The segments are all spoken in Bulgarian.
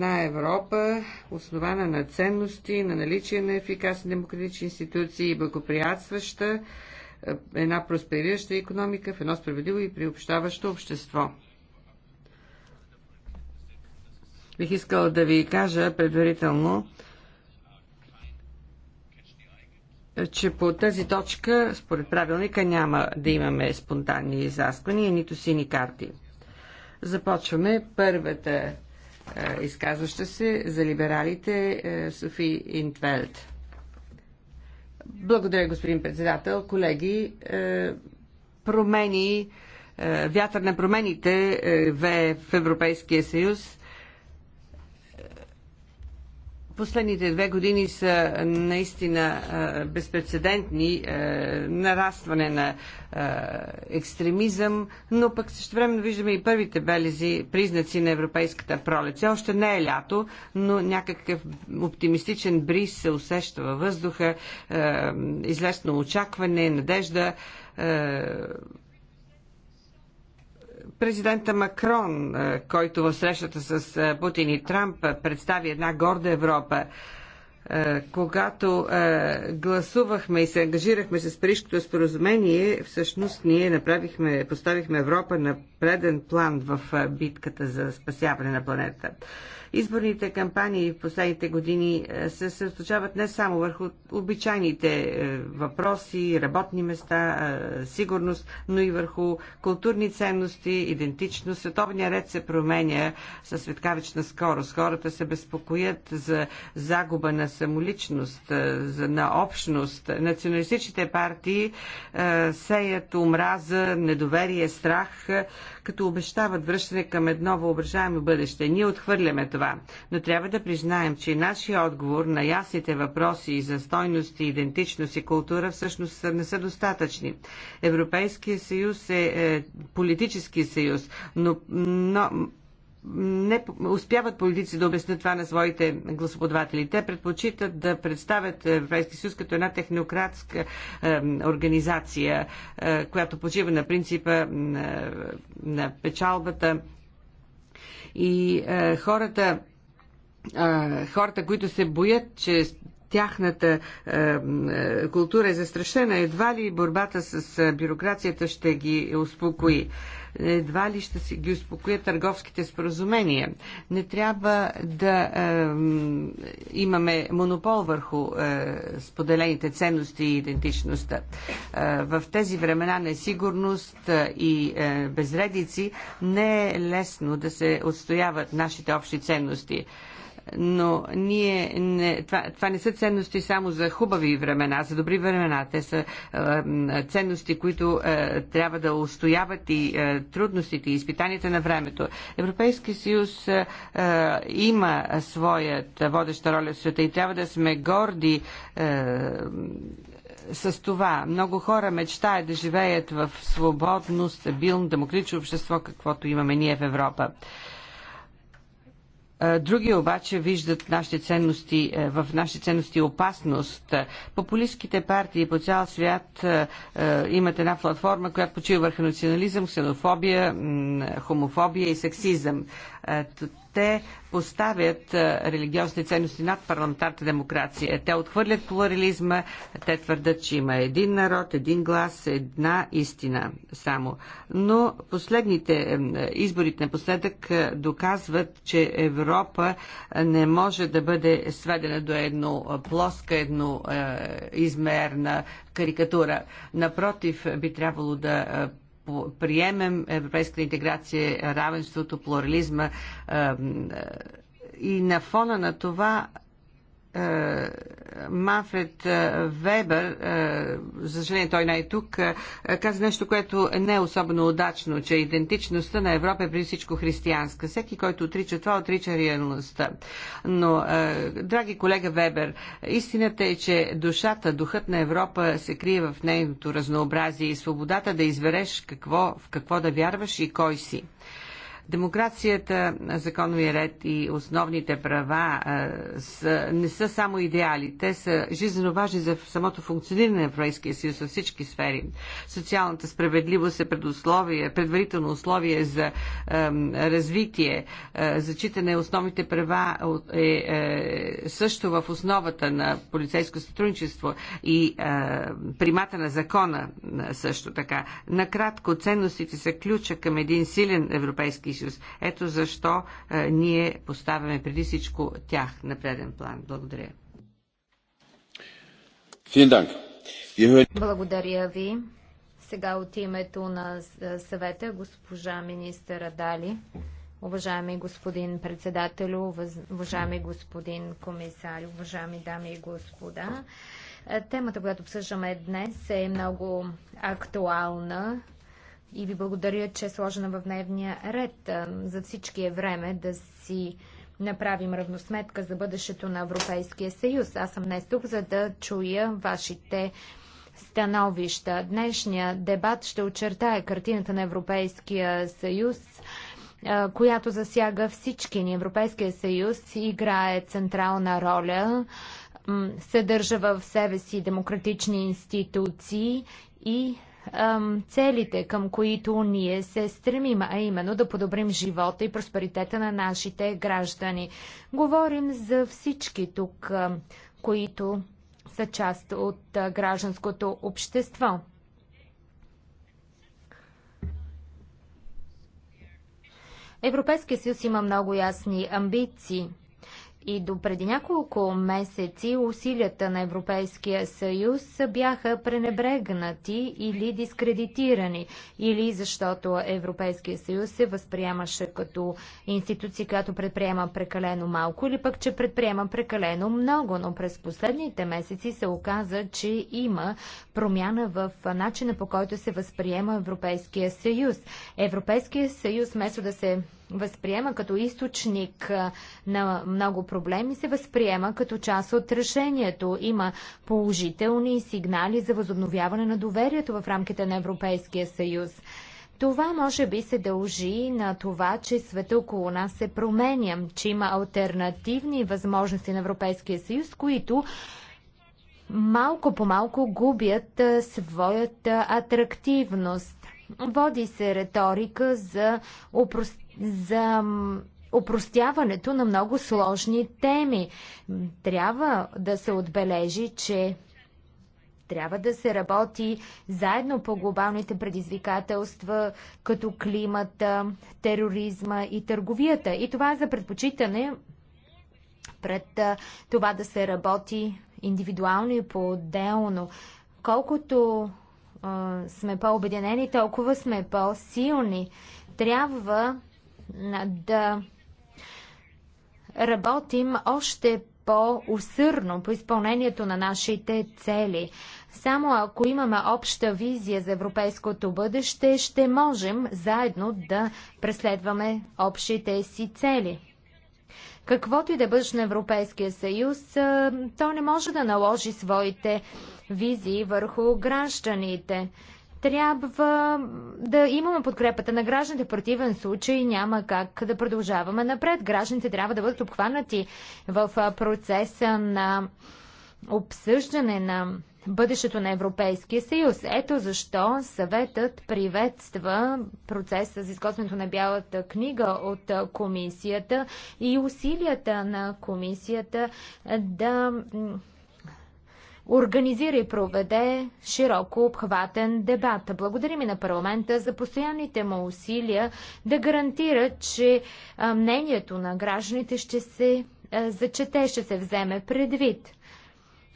една Европа, основана на ценности, на наличие на ефикасни демократични институции и благоприятстваща е, една просперираща економика в едно справедливо и приобщаващо общество. Бих искала да ви кажа предварително, че по тази точка, според правилника, няма да имаме спонтанни изасквания, нито сини карти. Започваме първата е, изказваща се за либералите е, Софи Интвелт. Благодаря, господин председател. Колеги, е, промени, вятър на промените в Европейския съюз Последните две години са наистина безпредседентни. Нарастване на екстремизъм, но пък също време виждаме и първите белези, признаци на европейската пролет. Все още не е лято, но някакъв оптимистичен бриз се усеща във въздуха, излезно очакване, надежда президента Макрон, е, който в срещата с е, Путин и Трамп е, представи една горда Европа, когато гласувахме и се ангажирахме с Парижкото споразумение, всъщност ние направихме, поставихме Европа на преден план в битката за спасяване на планетата. Изборните кампании в последните години е, се съсредоточават не само върху обичайните е, въпроси, работни места, е, сигурност, но и върху културни ценности, идентичност. Световния ред се променя със светкавична скорост. Хората се безпокоят за загуба на самоличност, на общност. Националистичните партии сеят омраза, недоверие, страх, като обещават връщане към едно въображаемо бъдеще. Ние отхвърляме това, но трябва да признаем, че нашия отговор на ясните въпроси за стойности, идентичност и култура всъщност не са достатъчни. Европейския съюз е, е политически съюз, но, но не успяват политици да обяснят това на своите гласоподаватели. Те предпочитат да представят Европейския съюз като една технократска е, организация, е, която почива на принципа е, на печалбата. И е, хората, е, хората, които се боят, че тяхната е, е, култура е застрашена, едва ли борбата с е, бюрокрацията ще ги успокои. Е, едва ли ще си ги успокоят търговските споразумения. Не трябва да е, имаме монопол върху е, споделените ценности и идентичността. Е, в тези времена несигурност е, и е, безредици не е лесно да се отстояват нашите общи ценности но ние не, това, това не са ценности само за хубави времена, за добри времена. Те са е, ценности, които е, трябва да устояват и е, трудностите и изпитанията на времето. Европейски съюз е, е има своят водеща роля в света и трябва да сме горди. Е, с това. Много хора мечтаят да живеят в свободно, стабилно, демократично общество, каквото имаме ние в Европа. Други обаче виждат нашите ценности, е, в нашите ценности опасност. Популистските партии по цял свят е, е, имат една платформа, която почива върху национализъм, ксенофобия, хомофобия и сексизъм те поставят религиозни ценности над парламентарната демокрация. Те отхвърлят плурализма, те твърдат, че има един народ, един глас, една истина само. Но последните изборите напоследък доказват, че Европа не може да бъде сведена до едно плоска, едно измерна карикатура. Напротив, би трябвало да приемем европейската интеграция, равенството, плурализма и на фона на това е, Мафред е, Вебер, е, за съжаление той не е тук, каза нещо, което не е особено удачно, че идентичността на Европа е преди всичко християнска. Всеки, който отрича това, отрича реалността. Но, драги колега Вебер, истината е, че душата, духът на Европа се крие в нейното разнообразие и свободата да избереш какво, в какво да вярваш и кой си. Демокрацията, законовия ред и основните права са, не са само идеали, те са жизненно важни за самото функциониране на Европейския съюз във всички сфери. Социалната справедливост е предусловие, предварително условие за е, развитие. Е, зачитане основните права е, е също в основата на полицейско сътрудничество и е, примата на закона също така. Накратко, ценностите са ключа към един силен европейски съюз. Ето защо е, ние поставяме преди всичко тях на преден план. Благодаря. Благодаря ви. Сега от името на съвета госпожа министъра Дали, уважаеми господин председател, уважаеми господин комисар, уважаеми дами и господа. Е, темата, която обсъждаме днес е много актуална и ви благодаря, че е сложена в дневния ред. За всички е време да си направим равносметка за бъдещето на Европейския съюз. Аз съм днес тук, за да чуя вашите становища. Днешния дебат ще очертая картината на Европейския съюз, която засяга всички ни. Европейския съюз играе централна роля, съдържа в себе си демократични институции и целите, към които ние се стремим, а именно да подобрим живота и просперитета на нашите граждани. Говорим за всички тук, които са част от гражданското общество. Европейския съюз има много ясни амбиции. И до преди няколко месеци усилията на Европейския съюз бяха пренебрегнати или дискредитирани, или защото Европейския съюз се възприемаше като институция, която предприема прекалено малко, или пък, че предприема прекалено много. Но през последните месеци се оказа, че има промяна в начина по който се възприема Европейския съюз. Европейския съюз, вместо да се възприема като източник на много проблеми, се възприема като част от решението. Има положителни сигнали за възобновяване на доверието в рамките на Европейския съюз. Това може би се дължи на това, че света около нас се променя, че има альтернативни възможности на Европейския съюз, които малко по малко губят своята атрактивност. Води се риторика за упростяване за опростяването на много сложни теми. Трябва да се отбележи, че трябва да се работи заедно по глобалните предизвикателства, като климата, тероризма и търговията. И това е за предпочитане пред това да се работи индивидуално и по-отделно. Колкото а, сме по-обединени, толкова сме по-силни. Трябва да работим още по-усърно по изпълнението на нашите цели. Само ако имаме обща визия за европейското бъдеще, ще можем заедно да преследваме общите си цели. Каквото и да бъдеш на Европейския съюз, то не може да наложи своите визии върху гражданите. Трябва да имаме подкрепата на гражданите. В противен случай няма как да продължаваме напред. Гражданите трябва да бъдат обхванати в процеса на обсъждане на бъдещето на Европейския съюз. Ето защо съветът приветства процеса за изготвянето на бялата книга от комисията и усилията на комисията да организира и проведе широко обхватен дебат. Благодарим и на парламента за постоянните му усилия да гарантира, че мнението на гражданите ще се зачете, ще се вземе предвид.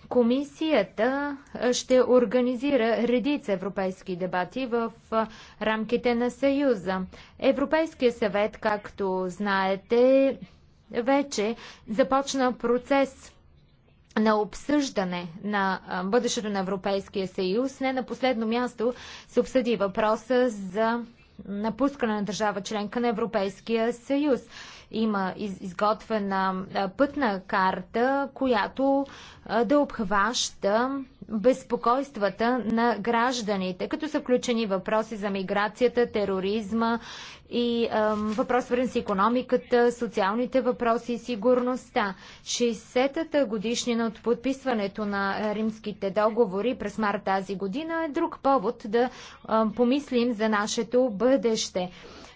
Комисията ще организира редица европейски дебати в рамките на Съюза. Европейския съвет, както знаете, вече започна процес на обсъждане на бъдещето на Европейския съюз. Не на последно място се обсъди въпроса за напускане на държава членка на Европейския съюз. Има изготвена пътна карта, която да обхваща безпокойствата на гражданите, като са включени въпроси за миграцията, тероризма и ам, въпрос свързан с економиката, социалните въпроси и сигурността. 60-та годишнина от подписването на римските договори през март тази година е друг повод да ам, помислим за нашето бъдеще.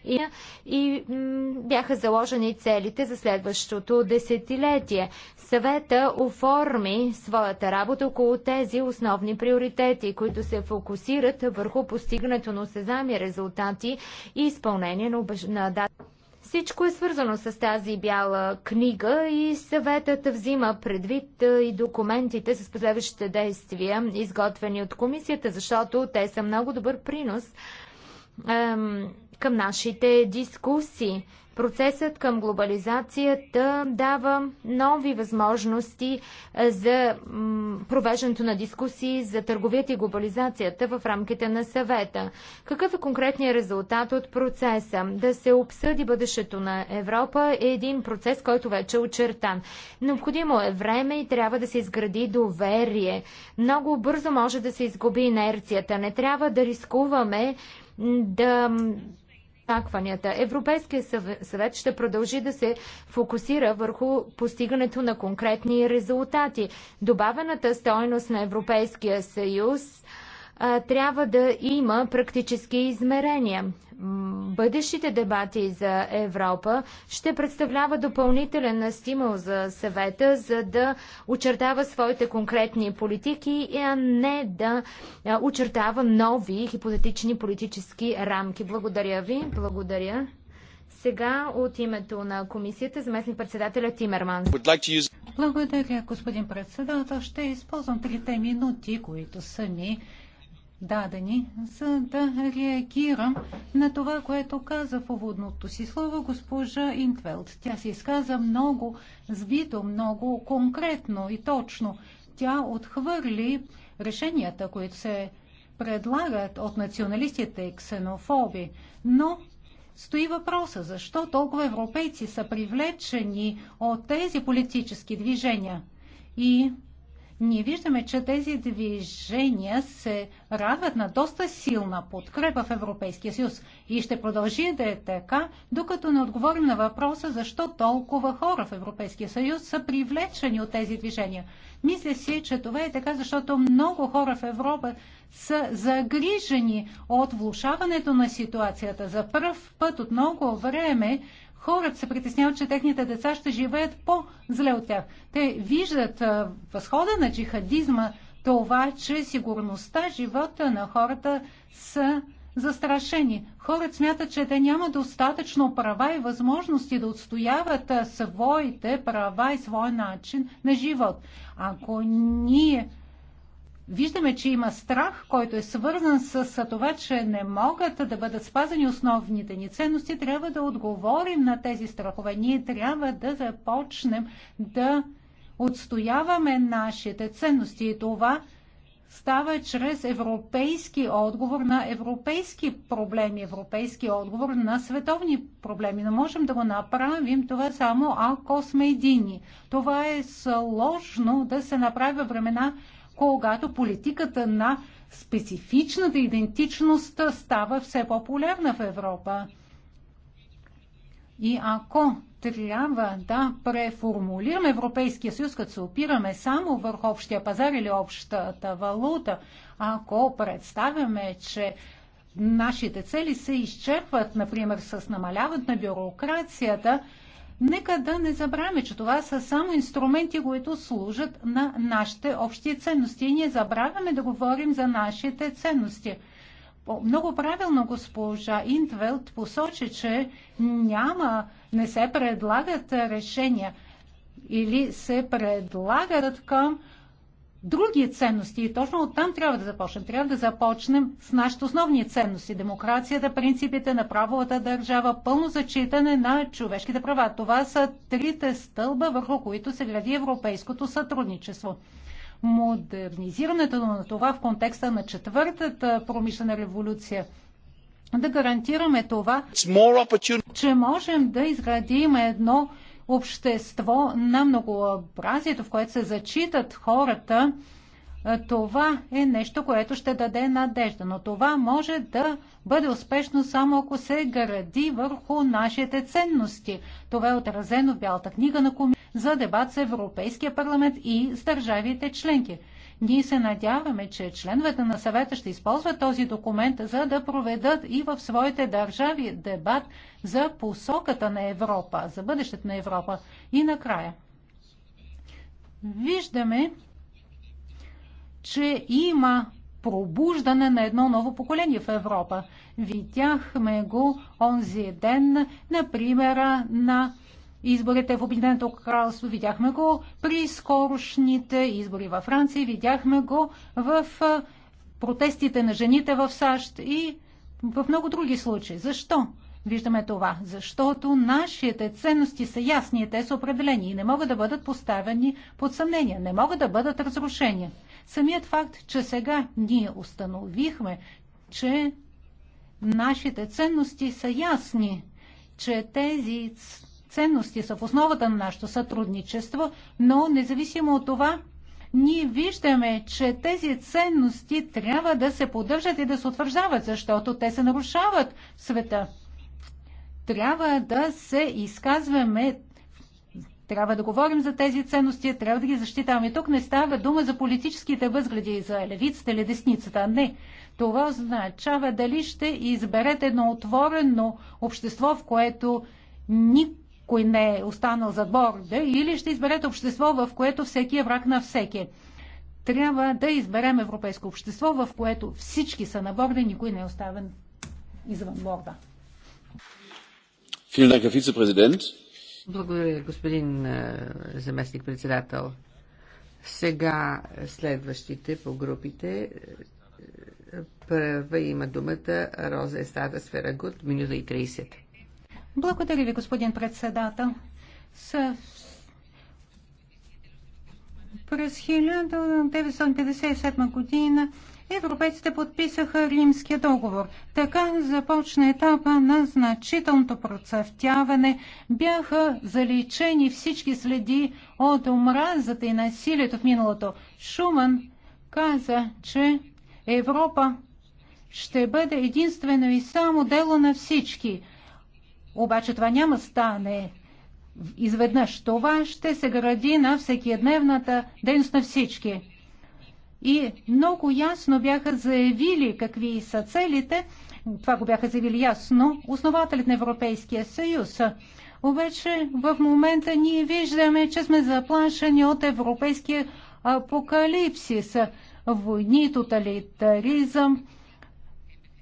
И, и м, бяха заложени целите за следващото десетилетие. Съвета оформи своята работа около тези основни приоритети, които се фокусират върху постигането на осезами резултати и изпълнение изпълнение на, обеж... на дата. Всичко е свързано с тази бяла книга и съветът взима предвид и документите с последващите действия, изготвени от комисията, защото те са много добър принос ем, към нашите дискусии. Процесът към глобализацията дава нови възможности е, за провеждането на дискусии за търговията и глобализацията в рамките на съвета. Какъв е конкретният резултат от процеса? Да се обсъди бъдещето на Европа е един процес, който вече е очертан. Необходимо е време и трябва да се изгради доверие. Много бързо може да се изгуби инерцията. Не трябва да рискуваме да очакванията. Европейския съвет ще продължи да се фокусира върху постигането на конкретни резултати. Добавената стойност на Европейския съюз трябва да има практически измерения. Бъдещите дебати за Европа ще представлява допълнителен стимул за съвета, за да очертава своите конкретни политики, а не да очертава нови хипотетични политически рамки. Благодаря ви. Благодаря. Сега от името на комисията заместник председателя Тимерман. Благодаря, господин председател. Ще използвам трите минути, които са ми дадени, за да реагирам на това, което каза в уводното си слово госпожа Интвелд. Тя се изказа много сбито, много конкретно и точно. Тя отхвърли решенията, които се предлагат от националистите и ксенофоби, но стои въпроса, защо толкова европейци са привлечени от тези политически движения. И ние виждаме, че тези движения се радват на доста силна подкрепа в Европейския съюз и ще продължи да е така, докато не отговорим на въпроса защо толкова хора в Европейския съюз са привлечени от тези движения. Мисля си, че това е така, защото много хора в Европа са загрижени от влушаването на ситуацията. За първ път от много време хората се притесняват, че техните деца ще живеят по-зле от тях. Те виждат възхода на джихадизма, това, че сигурността, живота на хората са застрашени. Хората смятат, че те няма достатъчно права и възможности да отстояват своите права и своя начин на живот. Ако ние виждаме, че има страх, който е свързан с това, че не могат да бъдат спазени основните ни ценности, трябва да отговорим на тези страхове. Ние трябва да започнем да отстояваме нашите ценности и това става чрез европейски отговор на европейски проблеми, европейски отговор на световни проблеми. Но можем да го направим това само ако сме едини. Това е сложно да се направи времена, когато политиката на специфичната идентичност става все популярна в Европа. И ако трябва да преформулираме Европейския съюз, като се опираме само върху общия пазар или общата валута, ако представяме, че нашите цели се изчерпват, например, с намаляването на бюрокрацията, Нека да не забравяме, че това са само инструменти, които служат на нашите общи ценности. И ние забравяме да говорим за нашите ценности. Много правилно госпожа Интвелд посочи, че няма, не се предлагат решения или се предлагат към други ценности. И точно оттам трябва да започнем. Трябва да започнем с нашите основни ценности. Демокрацията, принципите на правовата държава, пълно зачитане на човешките права. Това са трите стълба, върху които се гради европейското сътрудничество. Модернизирането на това в контекста на четвъртата промишлена революция да гарантираме това, че можем да изградим едно общество на многообразието, в което се зачитат хората, е, това е нещо, което ще даде надежда. Но това може да бъде успешно само ако се гради върху нашите ценности. Това е отразено в Бялата книга на комисията за дебат с Европейския парламент и с държавите членки. Ние се надяваме, че членовете на съвета ще използват този документ, за да проведат и в своите държави дебат за посоката на Европа, за бъдещето на Европа. И накрая. Виждаме, че има пробуждане на едно ново поколение в Европа. Видяхме го онзи ден на примера на изборите в Обединеното кралство, видяхме го при скорошните избори във Франция, видяхме го в протестите на жените в САЩ и в много други случаи. Защо? Виждаме това, защото нашите ценности са ясни и те са определени и не могат да бъдат поставени под съмнение, не могат да бъдат разрушени. Самият факт, че сега ние установихме, че нашите ценности са ясни, че тези ценности са в основата на нашето сътрудничество, но независимо от това, ние виждаме, че тези ценности трябва да се поддържат и да се утвърждават, защото те се нарушават в света. Трябва да се изказваме, трябва да говорим за тези ценности, трябва да ги защитаваме. Тук не става дума за политическите възгледи, за левицата или десницата. Не. Това означава дали ще изберете едно отворено общество, в което никой кой не е останал за борда, или ще изберете общество, в което всеки е враг на всеки. Трябва да изберем европейско общество, в което всички са на борда и никой не е оставен извън борда. Благодаря, господин е, заместник-председател. Сега следващите по групите. Е, първа има думата Роза Естада Сферагут, минута и 30. Благодаря ви, господин председател. С... През 1957 година европейците подписаха Римския договор. Така започна етапа на значителното процъфтяване. Бяха заличени всички следи от омразата и насилието в миналото. Шуман каза, че Европа ще бъде единствено и само дело на всички. Обаче това няма стане изведнъж. Това ще се гради на всекидневната дейност на всички. И много ясно бяха заявили какви са целите. Това го бяха заявили ясно основателят на Европейския съюз. Обаче в момента ние виждаме, че сме заплашени от европейския апокалипсис. Войни, тоталитаризъм,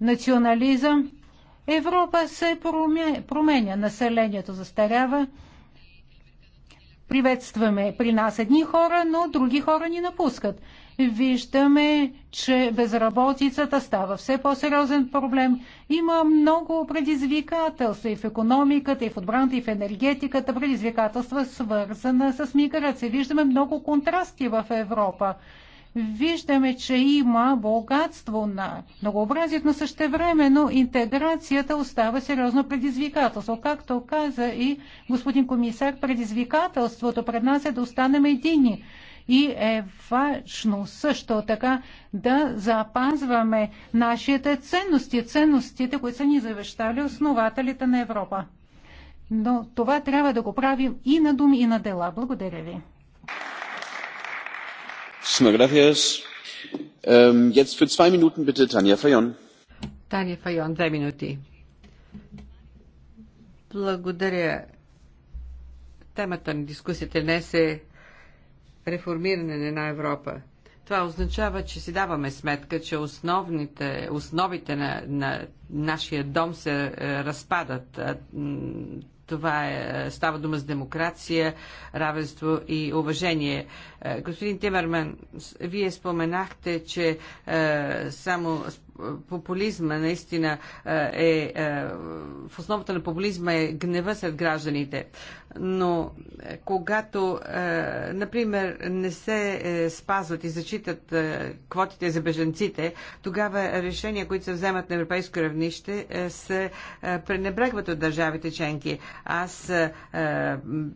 национализъм. Европа се променя, населението застарява. Приветстваме при нас едни хора, но други хора ни напускат. Виждаме, че безработицата става все по-сериозен проблем. Има много предизвикателства и в економиката, и в отбраната, и в енергетиката. Предизвикателства свързана с миграция. Виждаме много контрасти в Европа виждаме, че има богатство на многообразие, но същевременно интеграцията остава сериозно предизвикателство. Както каза и господин комисар, предизвикателството пред нас е да останем едини. И е важно също така да запазваме нашите ценности, ценностите, които са ни завещали основателите на Европа. Но това трябва да го правим и на думи, и на дела. Благодаря ви. Файон, две минути. Благодаря. Темата на дискусията днес е реформиране на Европа. Това означава, че си даваме сметка, че основните, основите на, на нашия дом се е, разпадат. Това е, е, става дума с демокрация, равенство и уважение. Е, господин Тимерман, вие споменахте, че е, само популизма наистина е, е в основата на популизма е гнева сред гражданите. Но е, когато, е, например, не се е, спазват и зачитат е, квотите за беженците, тогава решения, които се вземат на европейско равнище, е, се пренебрегват от държавите членки. Аз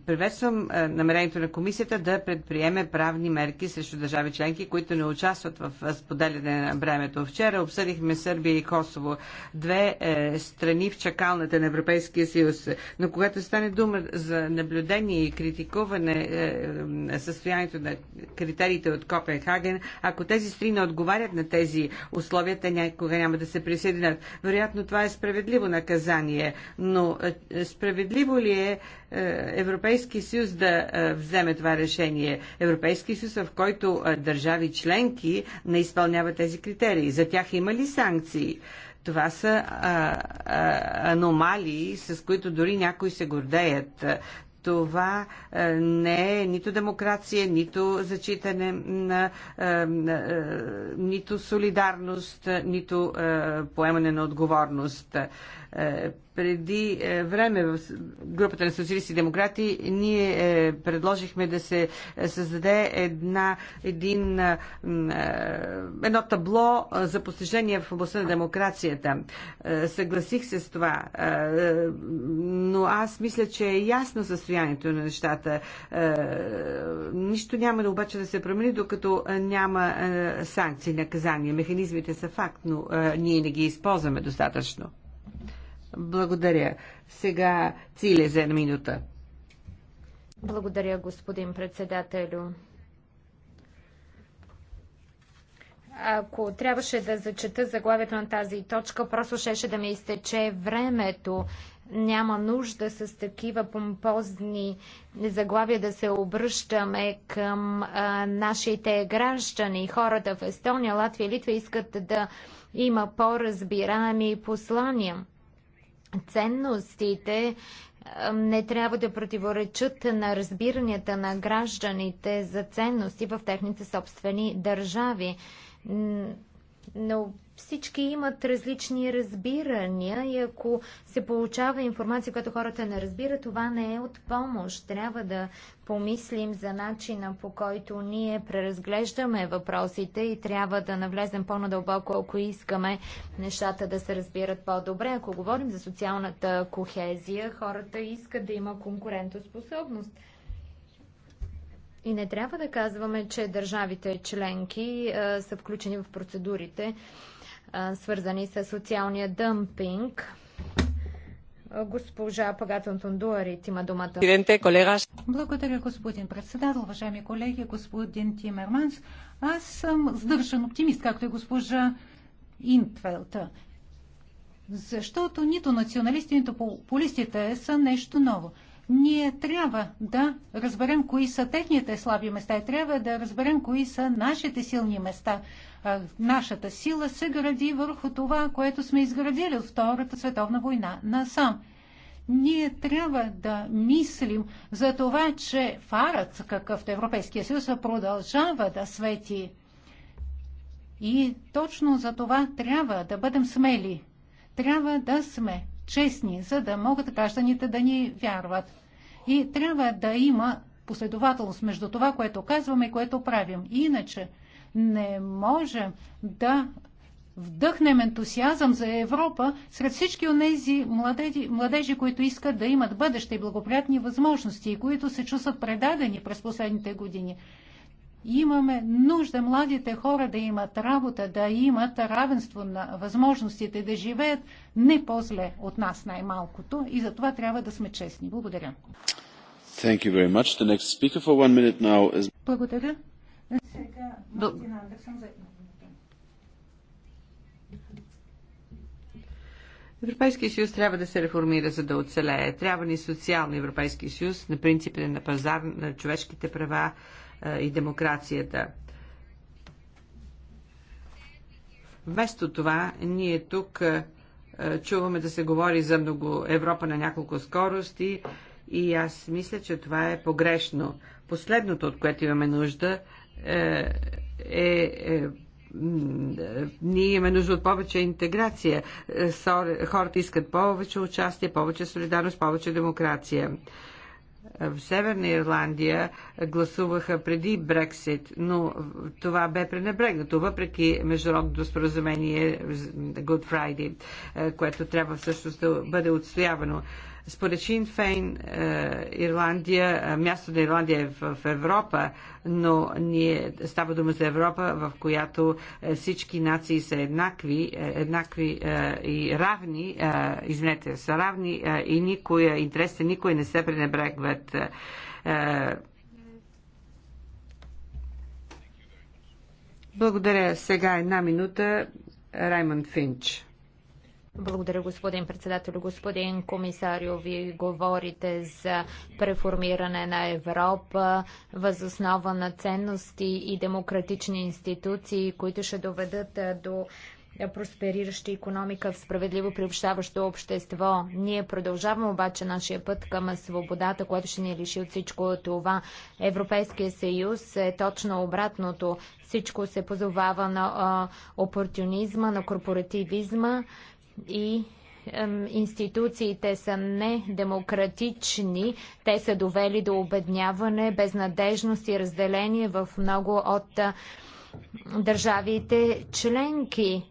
приветствам намерението на комисията да предприеме правни мерки срещу държави членки, които не участват в споделяне на бремето. Вчера обсъдих намерихме Сърбия и Косово. Две е, страни в чакалната на Европейския съюз. Но когато стане дума за наблюдение и критикуване е, е, състоянието на критериите от Копенхаген, ако тези страни не отговарят на тези условия, те някога няма да се присъединят. Вероятно това е справедливо наказание, но е, справедливо ли е, е Европейски съюз да е, вземе това решение? Европейски съюз, в който е, държави членки не изпълняват тези критерии. За тях има ли приемали санкции. Това са а, а, аномалии, с които дори някои се гордеят. Това а, не е нито демокрация, нито зачитане на, а, а, нито солидарност, нито а, поемане на отговорност. Е, преди е, време в групата на социалисти и демократи ние е, предложихме да се създаде една, един, едно табло за постижение в областта на демокрацията. Съгласих се с това, но аз мисля, че е ясно състоянието на нещата. Нищо няма да обаче да се промени, докато няма санкции, наказания. Механизмите са факт, но ние не ги използваме достатъчно. Благодаря. Сега Циле за една минута. Благодаря, господин председателю. Ако трябваше да зачета заглавието на тази точка, просто щеше да ми изтече времето. Няма нужда с такива помпозни заглавия да се обръщаме към а, нашите граждани. Хората в Естония, Латвия Литва искат да има по-разбираеми послания ценностите не трябва да противоречат на разбиранията на гражданите за ценности в техните собствени държави. Но всички имат различни разбирания и ако се получава информация, която хората не разбира, това не е от помощ. Трябва да помислим за начина по който ние преразглеждаме въпросите и трябва да навлезем по-надълбоко, ако искаме нещата да се разбират по-добре. Ако говорим за социалната кохезия, хората искат да има конкурентоспособност. И не трябва да казваме, че държавите членки а, са включени в процедурите свързани с социалния дъмпинг. Госпожа Пагатон Тундуарит има думата. Благодаря, господин председател, уважаеми колеги, господин Тимерманс. Аз съм сдържан оптимист, както и госпожа Интвелта. Защото нито националисти, нито популистите са нещо ново. Ние трябва да разберем кои са техните слаби места и трябва да разберем кои са нашите силни места. Нашата сила се гради върху това, което сме изградили от Втората световна война насам. Ние трябва да мислим за това, че фарът, какъвто Европейския съюз, продължава да свети. И точно за това трябва да бъдем смели. Трябва да сме честни, за да могат гражданите да ни вярват. И трябва да има последователност между това, което казваме и което правим. Иначе не можем да вдъхнем ентусиазъм за Европа сред всички от тези младежи, младежи, които искат да имат бъдеще и благоприятни възможности и които се чувстват предадени през последните години. Имаме нужда младите хора да имат работа, да имат равенство на възможностите, да живеят не по-зле от нас най-малкото и за това трябва да сме честни. Благодаря. Is... Благодаря. Европейския съюз трябва да се реформира, за да оцелее. Трябва ни социално Европейски съюз на принципите на пазар, на човешките права е, и демокрацията. Вместо това, ние тук е, е, чуваме да се говори за много Европа на няколко скорости и аз мисля, че това е погрешно. Последното, от което имаме нужда, е, е, е ние имаме нужда от повече интеграция. Е, хората искат повече участие, повече солидарност, повече демокрация. В Северна Ирландия гласуваха преди Брексит, но това бе пренебрегнато, въпреки международното споразумение Good Friday, е, което трябва всъщност да бъде отстоявано. Според Шин Фейн, е, Ирландия, е, мястото на Ирландия е в Европа, но ние става дума за Европа, в която е, всички нации са еднакви, еднакви и равни, извинете, са равни и никоя, интересите никой не се пренебрегват. Благодаря. Сега една минута. Раймонд Финч. Благодаря, господин председател. Господин комисарио, ви говорите за преформиране на Европа, възоснова на ценности и демократични институции, които ще доведат до проспериращи економика в справедливо приобщаващо общество. Ние продължаваме обаче нашия път към свободата, която ще ни лиши от всичко това. Европейския съюз е точно обратното. Всичко се позовава на а, опортунизма, на корпоративизма и институциите са недемократични, те са довели до обедняване, безнадежност и разделение в много от е, държавите членки.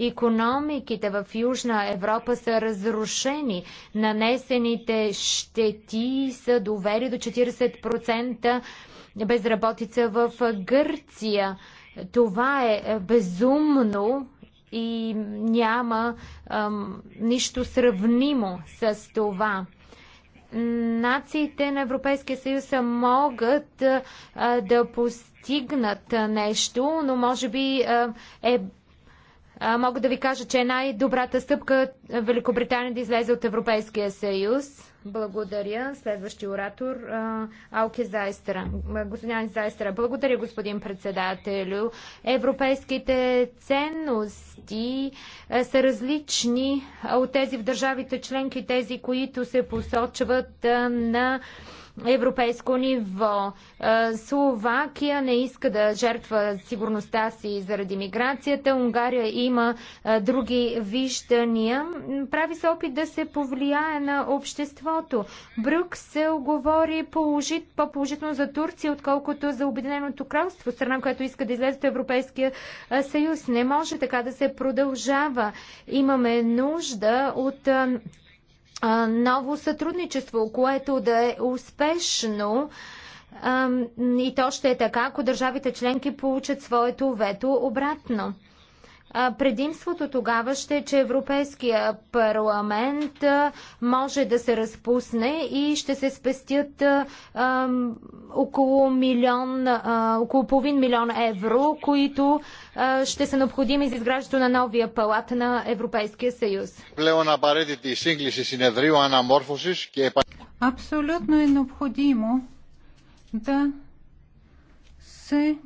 Економиките в Южна Европа са разрушени. Нанесените щети са довели до 40% безработица в Гърция. Това е, е безумно и няма ам, нищо сравнимо с това. Нациите на Европейския съюз могат а, да постигнат нещо, но може би а, е а, мога да ви кажа, че е най-добрата стъпка Великобритания да излезе от Европейския съюз. Благодаря. Следващи оратор Алке Зайстера, Господин Зайстера, благодаря, господин председателю. Европейските ценности са различни от тези в държавите членки, тези, които се посочват на европейско ниво. Словакия не иска да жертва сигурността си заради миграцията. Унгария има други виждания. Прави се опит да се повлияе на обществото. Брюксел говори положит, по-положително за Турция, отколкото за Обединеното кралство, страна, която иска да излезе от Европейския съюз. Не може така да се продължава. Имаме нужда от ново сътрудничество, което да е успешно и то ще е така, ако държавите членки получат своето вето обратно. Предимството тогава ще е, че Европейския парламент може да се разпусне и ще се спестят около, милион, около половин милион евро, които ще са необходими за изграждането на новия палат на Европейския съюз. Абсолютно е необходимо да се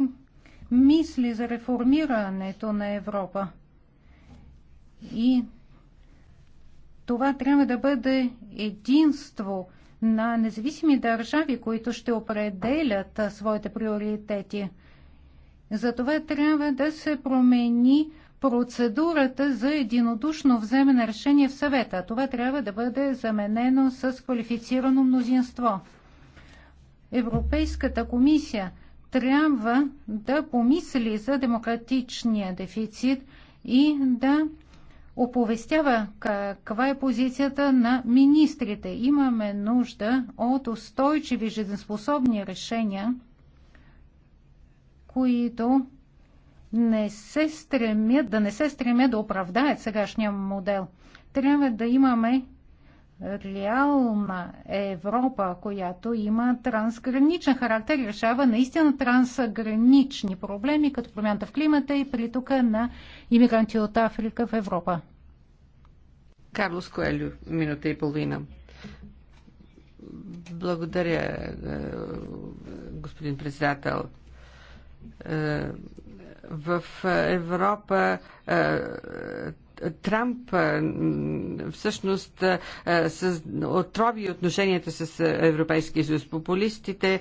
мисли за реформирането на Европа. И това трябва да бъде единство на независими държави, които ще определят своите приоритети. Затова трябва да се промени процедурата за единодушно вземане решение в съвета. това трябва да бъде заменено с квалифицирано мнозинство. Европейската комисия трябва да помисли за демократичния дефицит и да оповестява каква е позицията на министрите. Имаме нужда от устойчиви жизнеспособни решения – които не се стремят, да не се стремят да оправдаят сегашния модел. Трябва да имаме реална Европа, която има трансграничен характер и решава наистина трансгранични проблеми, като промяната в климата и притока на иммигранти от Африка в Европа. Карлос Коелю, минута и половина. Благодаря, е, господин председател. Е, в Европа е, Трамп всъщност отроби отношенията с Европейския съюз. Популистите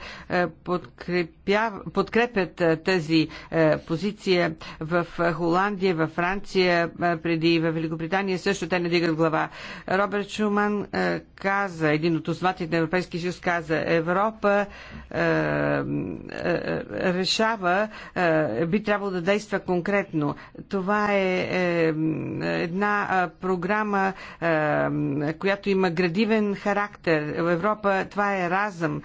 подкрепят тази позиция в Холандия, в Франция, преди в Великобритания също те не дигат глава. Роберт Шуман каза, един от основателите на Европейския съюз каза, Европа решава, би трябвало да действа конкретно. Това е, е една програма, която има градивен характер. В Европа това е разъм.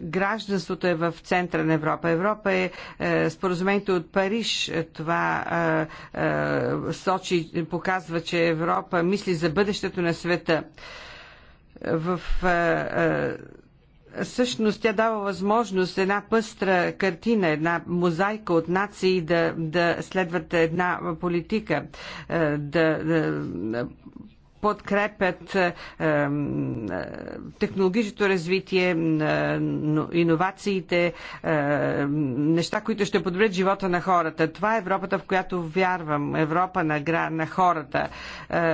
Гражданството е в центъра на Европа. Европа е споразумението от Париж. Това сочи, показва, че Европа мисли за бъдещето на света. В всъщност тя дава възможност една пъстра картина, една мозайка от нации да, да следват една политика, е, да, да е, подкрепят е, е, технологичното развитие, е, иновациите, неща, които ще подобрят живота на хората. Това е Европата, в която вярвам. Европа на, гра на хората.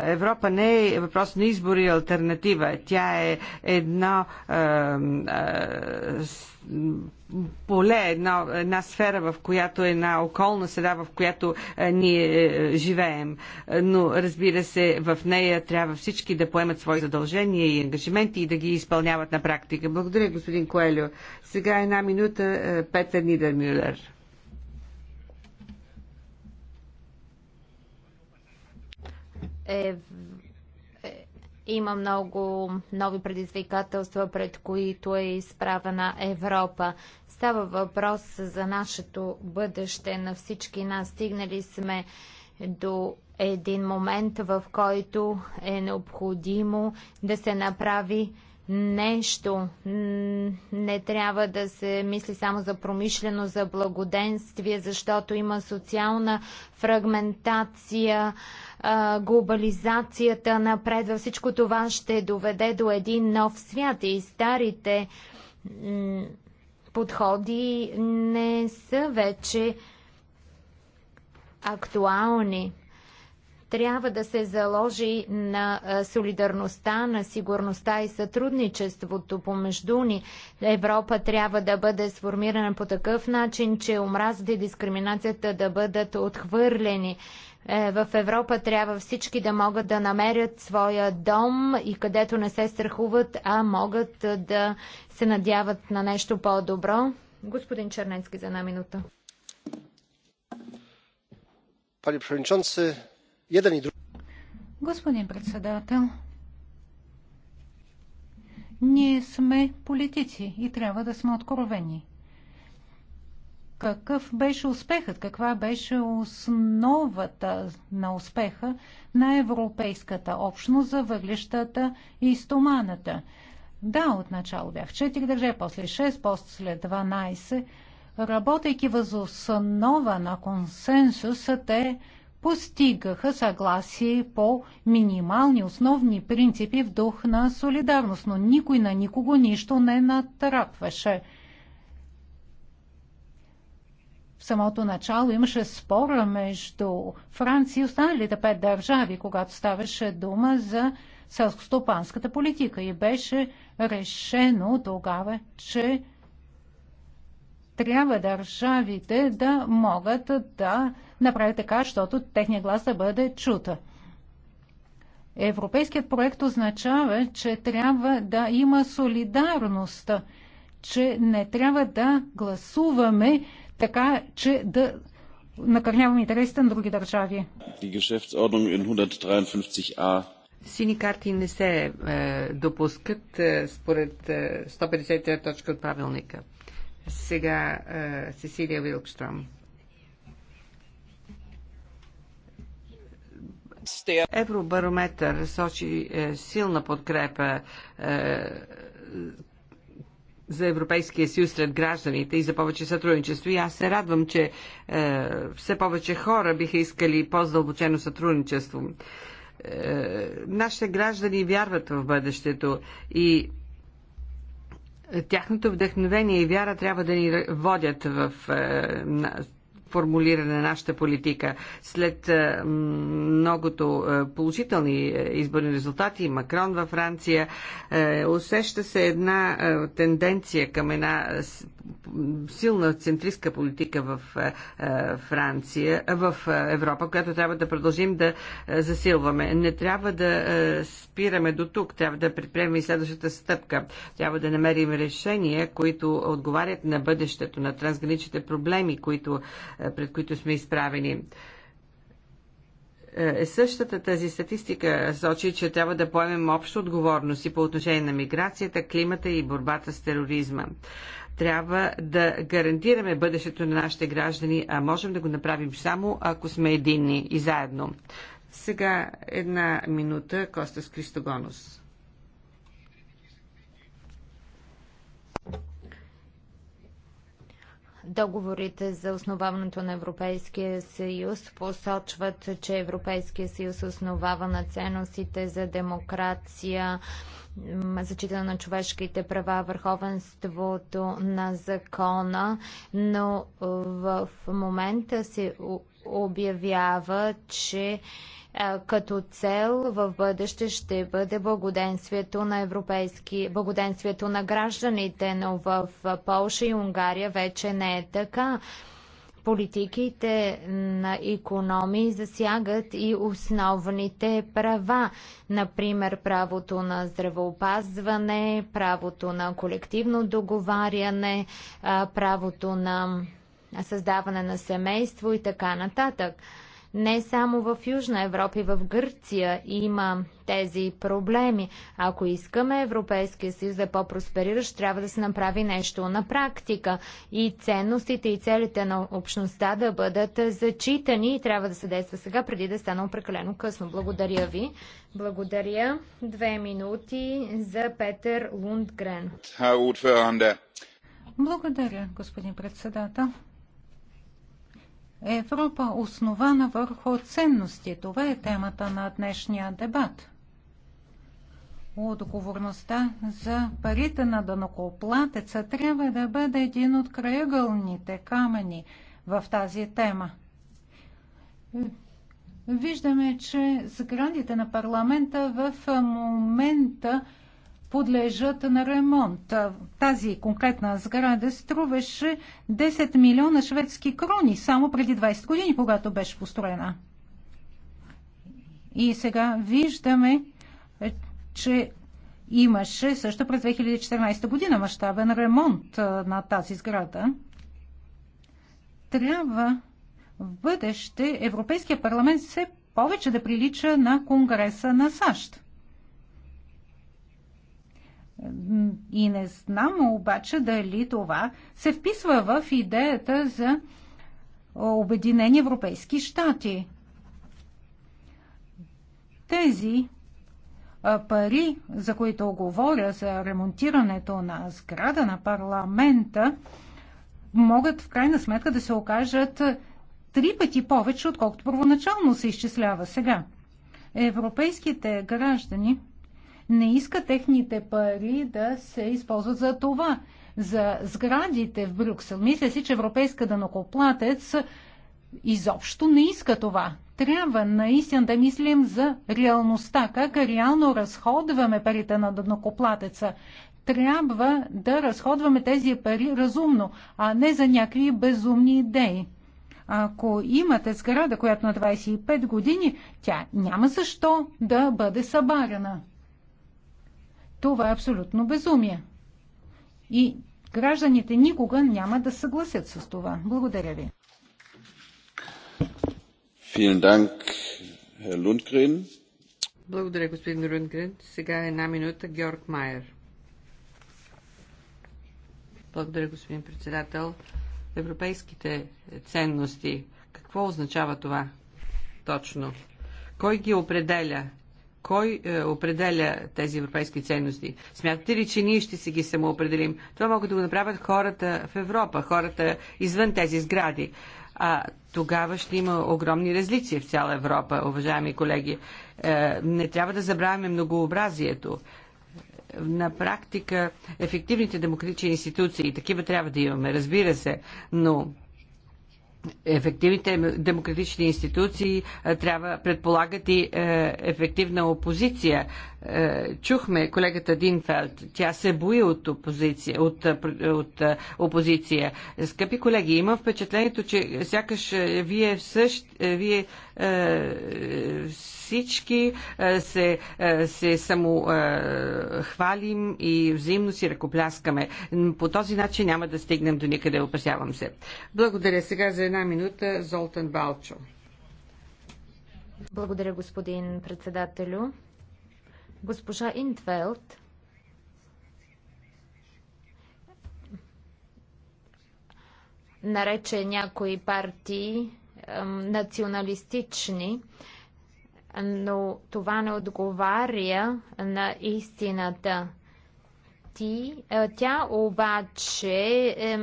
Европа не е въпрос на избор и альтернатива. Тя е едно поле, една, една сфера, в която е една околна среда, в която е, ние е, живеем. Но разбира се, в нея трябва всички да поемат свои задължения и ангажименти и да ги изпълняват на практика. Благодаря, господин Коелю. Сега една минута е, Петър Нидермюлер. Е, има много нови предизвикателства, пред които е изправена Европа. Става въпрос за нашето бъдеще на всички нас. Стигнали сме до един момент, в който е необходимо да се направи нещо. Не трябва да се мисли само за промишлено, за благоденствие, защото има социална фрагментация, глобализацията напредва. Всичко това ще доведе до един нов свят и старите подходи не са вече актуални. Трябва да се заложи на солидарността, на сигурността и сътрудничеството помежду ни. Европа трябва да бъде сформирана по такъв начин, че омразата и дискриминацията да бъдат отхвърлени. Е, в Европа трябва всички да могат да намерят своя дом и където не се страхуват, а могат да се надяват на нещо по-добро. Господин Чернецки за една минута. Пани Przewodniczący, Jedan Господин председател, ние сме политици и трябва да сме откровени. Какъв беше успехът? Каква беше основата на успеха на Европейската общност за въглищата и стоманата? Да, отначало бях 4 държави, после 6, после 12. Работейки възоснова на консенсуса, те постигаха съгласие по минимални основни принципи в дух на солидарност, но никой на никого нищо не натрапваше. В самото начало имаше спора между Франция и останалите пет държави, когато ставаше дума за селскостопанската политика и беше решено тогава, че трябва държавите да могат да направят така, защото техния глас да бъде чута. Европейският проект означава, че трябва да има солидарност, че не трябва да гласуваме така, че да накърняваме интересите на други държави. Сини карти не се е, допускат е, според е, 153 точка от правилника. Сега Сесилия Вилкстром. Евробарометър сочи е, силна подкрепа е, за Европейския съюз сред гражданите и за повече сътрудничество. И аз се радвам, че е, все повече хора биха искали по-здълбочено сътрудничество. Е, нашите граждани вярват в бъдещето и тяхното вдъхновение и вяра трябва да ни водят в е, формулиране на нашата политика. След е, многото е, положителни е, изборни резултати, Макрон във Франция, усеща се една тенденция към една силна центристка политика в Франция, в Европа, която трябва да продължим да засилваме. Не трябва да спираме до тук, трябва да предприемем и следващата стъпка. Трябва да намерим решения, които отговарят на бъдещето, на трансграничните проблеми, които пред които сме изправени. Е, е, същата тази статистика сочи, че трябва да поемем общо отговорност и по отношение на миграцията, климата и борбата с тероризма. Трябва да гарантираме бъдещето на нашите граждани, а можем да го направим само ако сме единни и заедно. Сега една минута Костас Кристогонос. Договорите за основаването на Европейския съюз посочват, че Европейския съюз основава на ценностите за демокрация, зачитане на човешките права, върховенството на закона, но е, в момента се обявява, че като цел в бъдеще ще бъде благоденствието на европейски, благоденствието на гражданите, но в Полша и Унгария вече не е така. Политиките на економии засягат и основните права, например правото на здравеопазване, правото на колективно договаряне, правото на създаване на семейство и така нататък. Не само в Южна Европа и в Гърция има тези проблеми. Ако искаме Европейския съюз да е по-проспериращ, трябва да се направи нещо на практика. И ценностите и целите на общността да бъдат зачитани и трябва да се действа сега, преди да стане прекалено късно. Благодаря ви. Благодаря. Две минути за Петър Лундгрен. Благодаря, господин председател. Европа основана върху ценности. Това е темата на днешния дебат. Отговорността за парите на данокоплатеца трябва да бъде един от краъгълните камъни в тази тема. Виждаме, че сградите на парламента в момента подлежат на ремонт. Тази конкретна сграда струваше 10 милиона шведски крони само преди 20 години, когато беше построена. И сега виждаме, е, че имаше също през 2014 година мащабен ремонт е, на тази сграда. Трябва в бъдеще Европейския парламент все повече да прилича на Конгреса на САЩ. И не знам обаче дали това се вписва в идеята за Обединени Европейски щати. Тези пари, за които говоря, за ремонтирането на сграда на парламента, могат в крайна сметка да се окажат три пъти повече, отколкото първоначално се изчислява сега. Европейските граждани не иска техните пари да се използват за това, за сградите в Брюксел. Мисля си, че европейска данокоплатец изобщо не иска това. Трябва наистина да мислим за реалността, как реално разходваме парите на данокоплатеца. Трябва да разходваме тези пари разумно, а не за някакви безумни идеи. Ако имате сграда, която на 25 години, тя няма защо да бъде събарена. Това е абсолютно безумие. И гражданите никога няма да съгласят с това. Благодаря ви. Благодаря, господин Лундгрен. Сега е една минута Георг Майер. Благодаря, господин председател. Европейските ценности. Какво означава това точно? Кой ги определя? Кой е, определя тези европейски ценности? Смятате ли, че ние ще си ги самоопределим? Това могат да го направят хората в Европа, хората извън тези сгради. А тогава ще има огромни различия в цяла Европа, уважаеми колеги. Е, не трябва да забравяме многообразието на практика ефективните демократични институции, такива трябва да имаме, разбира се, но ефективните демократични институции трябва предполагат и е, ефективна опозиция е, чухме колегата Динфелд, тя се бои от опозиция. От, е, от е, опозиция. Скъпи колеги, имам впечатлението, че сякаш вие, всъщ, вие всички се, се само хвалим и взаимно си ръкопляскаме. По този начин няма да стигнем до никъде, опасявам се. Благодаря сега за една минута Золтан Балчо. Благодаря, господин председателю. Госпожа Интвелт нарече някои партии националистични, но това не отговаря на истината. Ти, тя обаче е,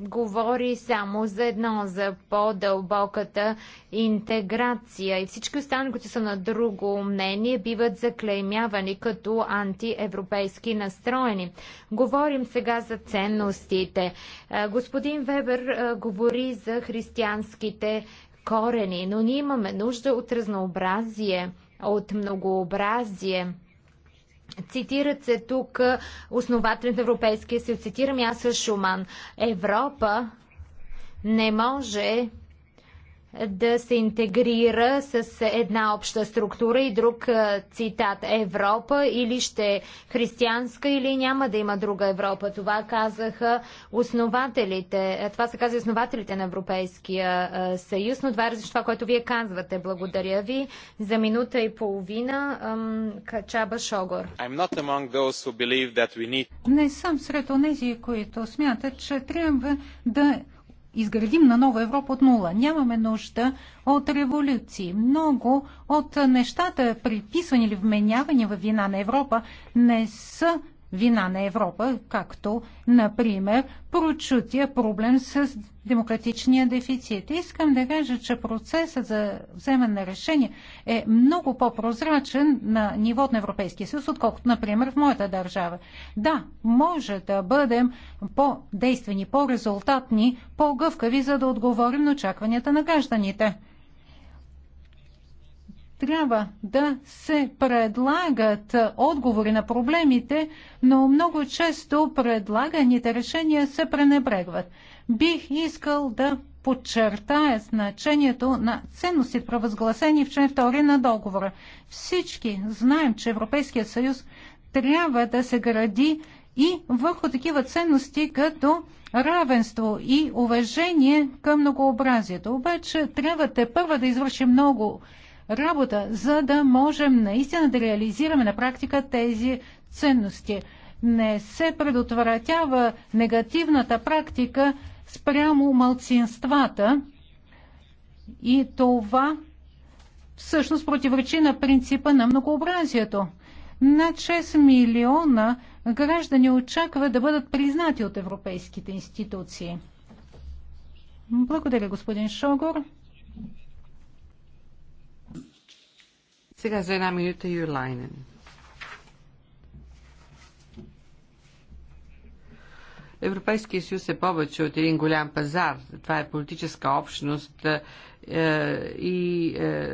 говори само за едно, за по-дълбоката интеграция. И всички останали, които са на друго мнение, биват заклеймявани като антиевропейски настроени. Говорим сега за ценностите. Е, господин Вебер е, говори за християнските корени, но ние имаме нужда от разнообразие, от многообразие. Цитират се тук основателите на Европейския съюз. Цитирам аз Шуман. Европа не може да се интегрира с една обща структура и друг цитат Европа или ще е християнска или няма да има друга Европа. Това казаха основателите. Това се каза основателите на Европейския съюз, но това е различно това, което вие казвате. Благодаря ви за минута и половина. Качаба Шогор. Не съм сред онези, които смятат, че трябва да изградим на нова Европа от нула. Нямаме нужда от революции. Много от нещата, приписвани или вменявани във вина на Европа, не са вина на Европа, както, например, прочутия проблем с демократичния дефицит. Искам да кажа, че процесът за вземане на решение е много по-прозрачен на ниво на Европейския съюз, отколкото, например, в моята държава. Да, може да бъдем по-действени, по-резултатни, по-гъвкави, за да отговорим на очакванията на гражданите трябва да се предлагат отговори на проблемите, но много често предлаганите решения се пренебрегват. Бих искал да подчертая значението на ценности, провъзгласени в член 2 на договора. Всички знаем, че Европейския съюз трябва да се гради и върху такива ценности като равенство и уважение към многообразието. Обаче трябва те първа да извърши много работа, за да можем наистина да реализираме на практика тези ценности. Не се предотвратява негативната практика спрямо малцинствата и това всъщност противоречи на принципа на многообразието. Над 6 милиона граждани очакват да бъдат признати от европейските институции. Благодаря, господин Шогор. Сега за една минута Юлайнен. Европейския съюз е повече от един голям пазар. Това е политическа общност е, и е,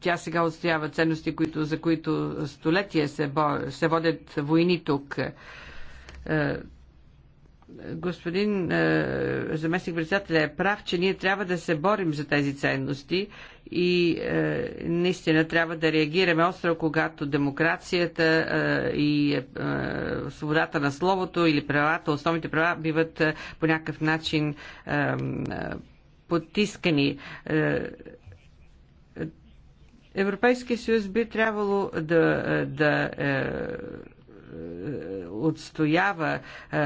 тя сега отстоява ценности, които, за които столетия се, бо, се водят войни тук. Е, господин е, заместник председателя е прав, че ние трябва да се борим за тези ценности и е, наистина трябва да реагираме остро, когато демокрацията е, и е, е свободата на словото или правата, основните права биват е, по някакъв начин е, е, потискани. Е, Европейския съюз би трябвало да, е, да е, отстоява е,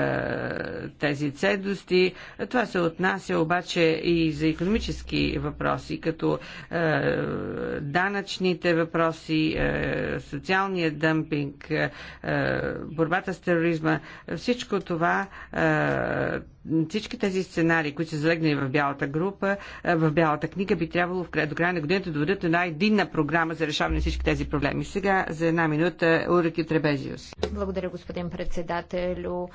тези ценности. Това се отнася обаче и за економически въпроси, като е, данъчните въпроси, е, социалния дъмпинг, борбата с тероризма. Всичко това всички тези сценарии, които са залегнали в бялата група, в бялата книга, би трябвало до края на годината да доведат една единна програма за решаване на всички тези проблеми. Сега за една минута Урики Требезиус. Благодаря, господин председателю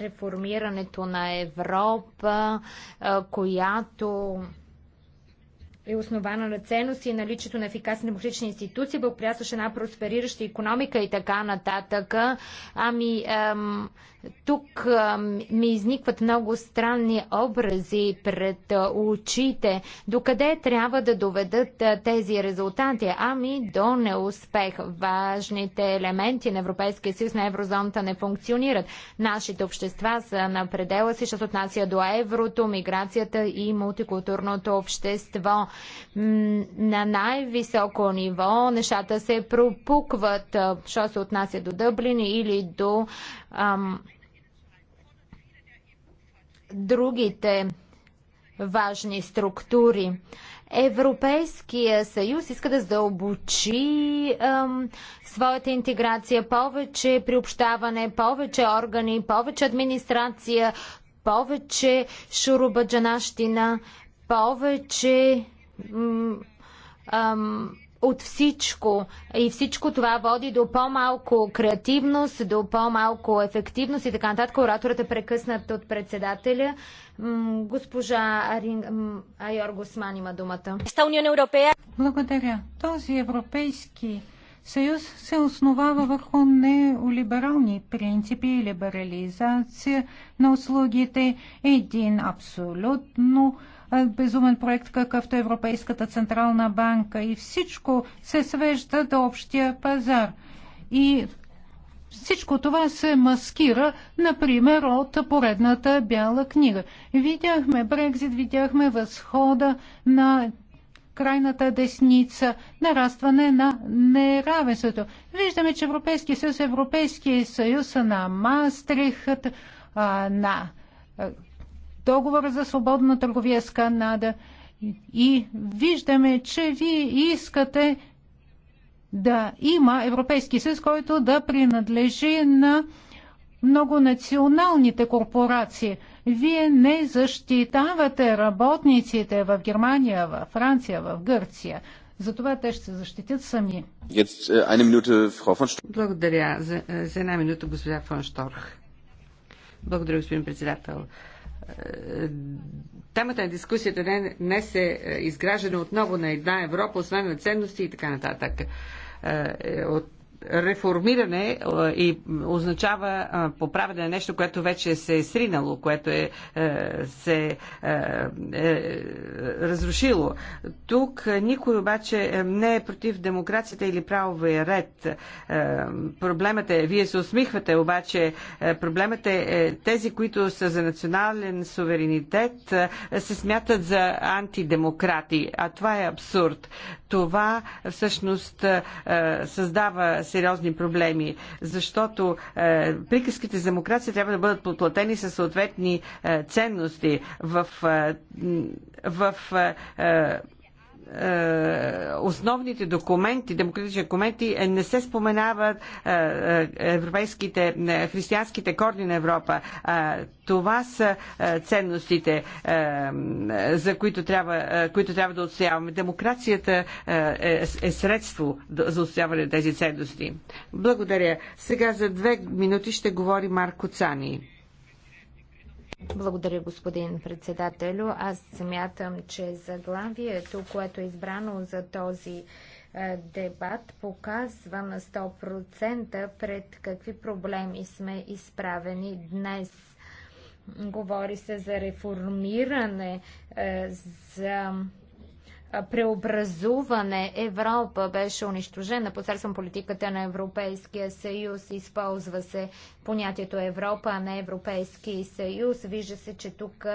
реформирането на Европа, която е основана на ценности и наличието на ефикасни демократични институции, благоприятстваше една просперираща економика и така нататък. Ами, ем, тук ми изникват много странни образи пред очите. Докъде трябва да доведат тези резултати? Ами до неуспех. Важните елементи на Европейския съюз на еврозоната не функционират. Нашите общества са на предела си, що се отнася до еврото, миграцията и мултикултурното общество. на най-високо ниво нещата се пропукват, що се отнася до Дъблин или до ам, другите важни структури. Европейския съюз иска да задълбочи ем, своята интеграция, повече приобщаване, повече органи, повече администрация, повече шурубаджанащина, повече ем, ем, от всичко. И всичко това води до по-малко креативност, до по-малко ефективност и така нататък. Ораторът е прекъснат от председателя. Госпожа Арин... Айор Госман има думата. Благодаря. Този европейски съюз се основава върху неолиберални принципи и либерализация на услугите. Един абсолютно е, безумен проект, какъвто е Европейската Централна банка. И всичко се свежда до общия пазар. И всичко това се маскира, например, от поредната бяла книга. Видяхме Брекзит, видяхме възхода на крайната десница, нарастване на неравенството. Виждаме, че Европейския съюз, Европейския съюз на Мастрихът, на договора за свободна търговия с Канада и виждаме, че вие искате да има Европейски съюз, който да принадлежи на многонационалните корпорации. Вие не защитавате работниците в Германия, в Франция, в Гърция. Затова те ще се защитят сами. Э, Благодаря. За, э, за една минута, госпожа Фон Шторх. Благодаря, господин председател темата на дискусията днес е, е изграждане отново на една Европа, освен на ценности и така нататък. Е, е, от реформиране е, и означава поправяне на нещо, което вече се е сринало, което е, е се е, е, разрушило. Тук е, никой обаче не е против демокрацията или правовия ред. Проблемът е, вие се усмихвате, обаче проблемът е тези, които са за национален суверенитет, се смятат за антидемократи. А това е абсурд. Това всъщност създава сериозни проблеми, защото е, приказките за демокрация трябва да бъдат подплатени със съответни е, ценности в, е, в е, е е, основните документи, демократични документи, е, не се споменават е, европейските, християнските корни на Европа. Това са ценностите, за които трябва, които трябва да отстояваме. Демокрацията е средство за отстояване на тези ценности. Благодаря. Сега за две минути ще говори Марко Цани. Благодаря, господин председателю. Аз смятам, че заглавието, което е избрано за този е, дебат, показва на 100% пред какви проблеми сме изправени днес. Говори се за реформиране, е, за преобразуване Европа беше унищожена посредством политиката на Европейския съюз. Използва се понятието Европа, а не Европейски съюз. Вижда се, че тук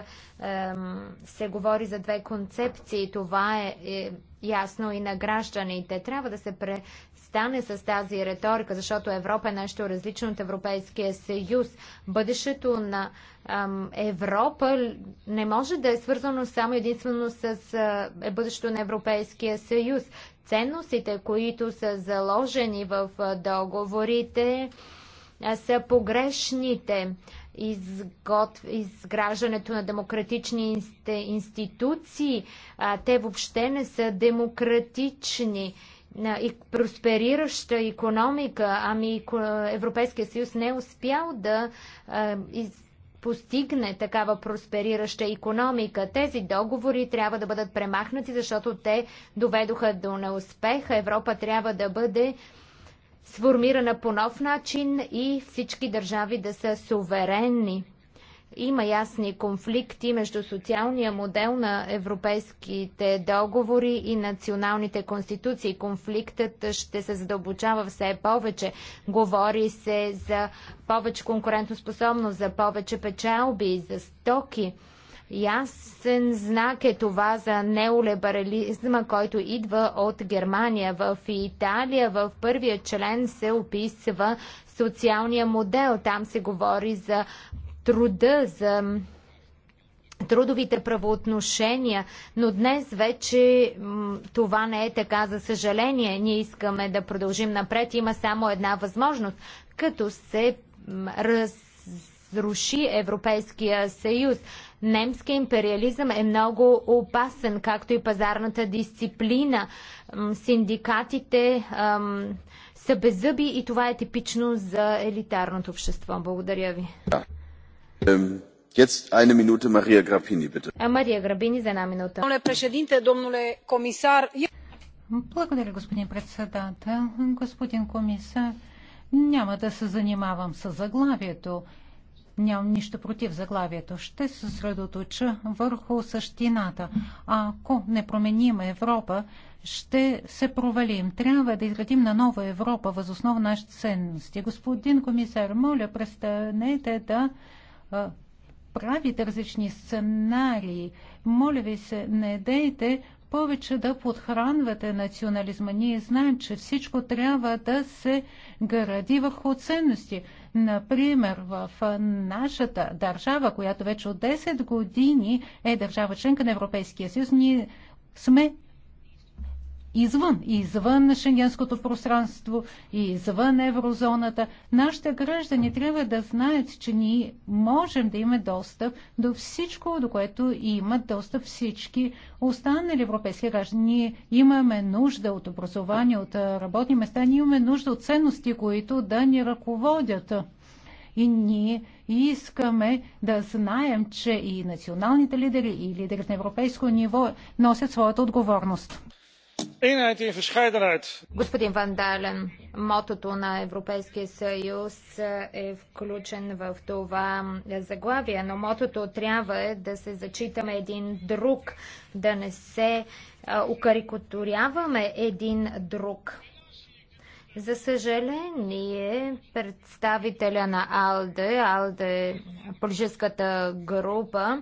ем, се говори за две концепции. Това е, е ясно и на гражданите. Трябва да се пре, стане с тази риторика, защото Европа е нещо различно от Европейския съюз. Бъдещето на Европа не може да е свързано само единствено с е бъдещето на Европейския съюз. Ценностите, които са заложени в договорите, са погрешните. Изгод... изграждането на демократични институции, те въобще не са демократични и просперираща економика, ами Европейския съюз не е успял да а, из, постигне такава просперираща економика. Тези договори трябва да бъдат премахнати, защото те доведоха до неуспеха. Европа трябва да бъде сформирана по нов начин и всички държави да са суверенни. Има ясни конфликти между социалния модел на европейските договори и националните конституции. Конфликтът ще се задълбочава все повече. Говори се за повече конкурентоспособност, за повече печалби, за стоки. Ясен знак е това за неолиберализма, който идва от Германия. В Италия в първия член се описва социалния модел. Там се говори за труда, за трудовите правоотношения, но днес вече това не е така, за съжаление. Ние искаме да продължим напред. Има само една възможност, като се разруши Европейския съюз. Немския империализъм е много опасен, както и пазарната дисциплина. Синдикатите ам, са беззъби и това е типично за елитарното общество. Благодаря ви. Мария Грабини за една минута. Благодаря, господин председател. Господин комисар, няма да се занимавам с заглавието. Нямам нищо против заглавието. Ще се съсредоточа върху същината. Ако не променим Европа, ще се провалим. Трябва да изградим на нова Европа възоснова нашите ценности. Господин комисар, моля, престанете да правите различни сценарии. Моля ви се, не дейте повече да подхранвате национализма. Ние знаем, че всичко трябва да се гради върху ценности. Например, в нашата държава, която вече от 10 години е държава членка на Европейския съюз, ние сме извън, извън шенгенското пространство, и извън еврозоната. Нашите граждани трябва да знаят, че ние можем да имаме достъп до всичко, до което имат достъп всички останали европейски граждани. Ние имаме нужда от образование, от работни места, ние имаме нужда от ценности, които да ни ръководят. И ние искаме да знаем, че и националните лидери, и лидерите на европейско ниво носят своята отговорност. Господин Ван Дален, мотото на Европейския съюз е включен в това заглавие, но мотото трябва е да се зачитаме един друг, да не се окарикатуряваме един друг. За съжаление, представителя на АЛДЕ, АЛДЕ, политическата група,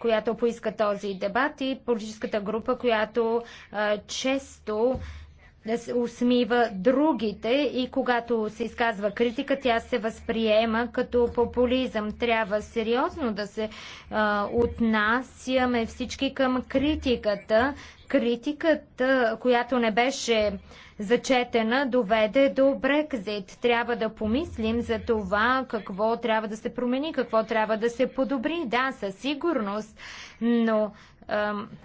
която поиска този дебат и политическата група, която а, често да се усмива другите и когато се изказва критика, тя се възприема като популизъм. Трябва сериозно да се а, отнасяме всички към критиката. Критиката, която не беше зачетена, доведе до Брекзит. Трябва да помислим за това какво трябва да се промени, какво трябва да се подобри. Да, със сигурност, но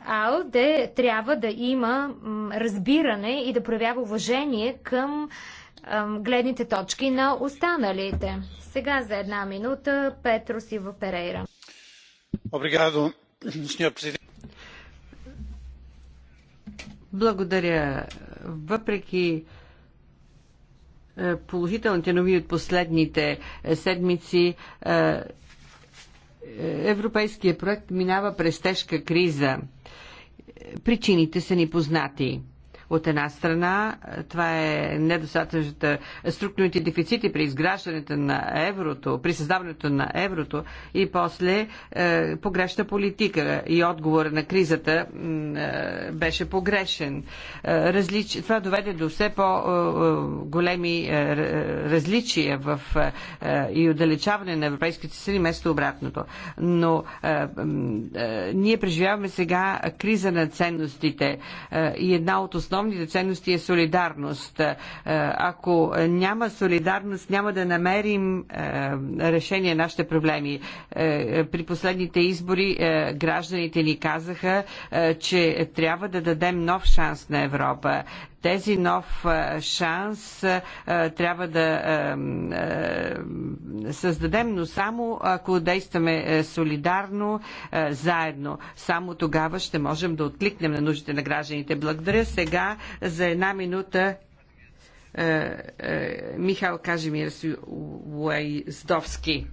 АЛДЕ трябва да има разбиране и да проявява уважение към гледните точки на останалите. Сега за една минута Петро Сива Перейра. Обригадо, благодаря. Въпреки е, положителните нови от последните е, седмици, е, европейският проект минава през тежка криза. Причините са ни познати. От една страна, това е недостатъчната структурните дефицити при изграждането на еврото, при създаването на еврото и после е, погрешна политика и отговор на кризата е, беше погрешен. Е, различ... Това доведе до все по-големи е, е, различия в, е, и отдалечаване на европейските сили, вместо обратното. Но е, е, ние преживяваме сега криза на ценностите е, и една от основните основните ценности е солидарност. Е, ако няма солидарност, няма да намерим е, решение на нашите проблеми. Е, при последните избори гражданите ни казаха, че трябва да дадем нов шанс на Европа. Тези нов шанс трябва да създадем, но само ако действаме е, солидарно, заедно. Само тогава ще можем да откликнем на нуждите на гражданите. Благодаря сега за една минута е, е, Михаил Кажемир Уайздовски.